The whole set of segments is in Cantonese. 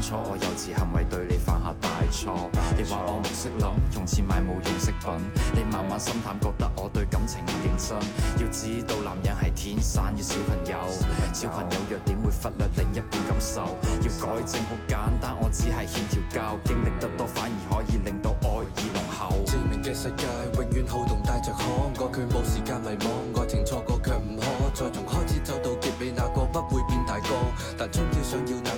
錯，我幼稚行為對你犯下大錯。大錯你話我唔識諗，從前買無用飾品。你慢慢心淡，覺得我對感情唔認真。要知道男人係天生嘅小朋友，小朋友弱點會忽略另一半感受。要改正好簡單，我只係欠調教，經歷得多反而可以令到愛意濃厚。志明嘅世界永遠好動帶着可愛，我佢冇時間迷惘，愛情錯過卻唔可。再從開始走到結尾，哪、那個不會變大個？但春嬌想要那。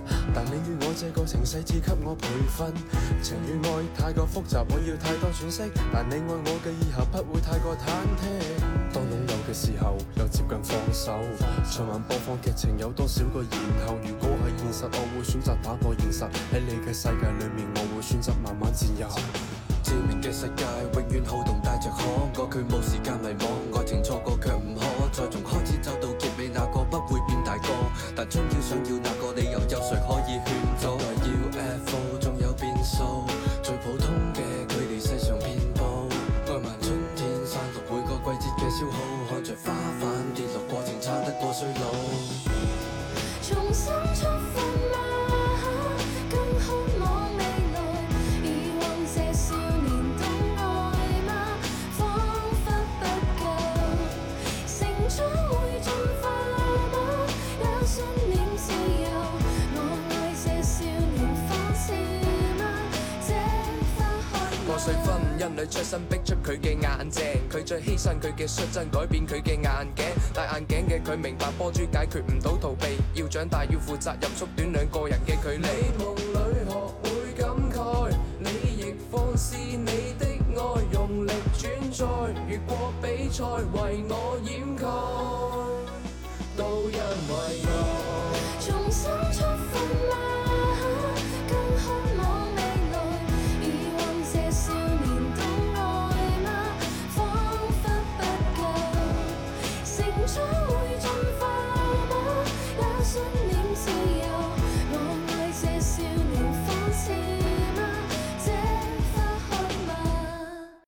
但你與我這個城市只給我培訓，情與愛太過複雜，我要太多喘息。但你愛我嘅以後不會太過忐忑，當擁有嘅時候又接近放手。循環播放劇情有多少個，然後如果係現實，我會選擇打破現實。喺你嘅世界裏面，我會選擇慢慢佔有。超越嘅世界永遠好動，帶着糖果他沒，佢冇時間迷茫。因女出身逼出佢嘅眼睛，佢再犧牲佢嘅率真，改變佢嘅眼鏡。戴眼鏡嘅佢明白波珠解決唔到逃避，要長大要負責任縮，縮短兩個人嘅距離。你夢裏學會感慨，你亦放肆你的愛用力轉載，越過比賽為我掩蓋，都因為我。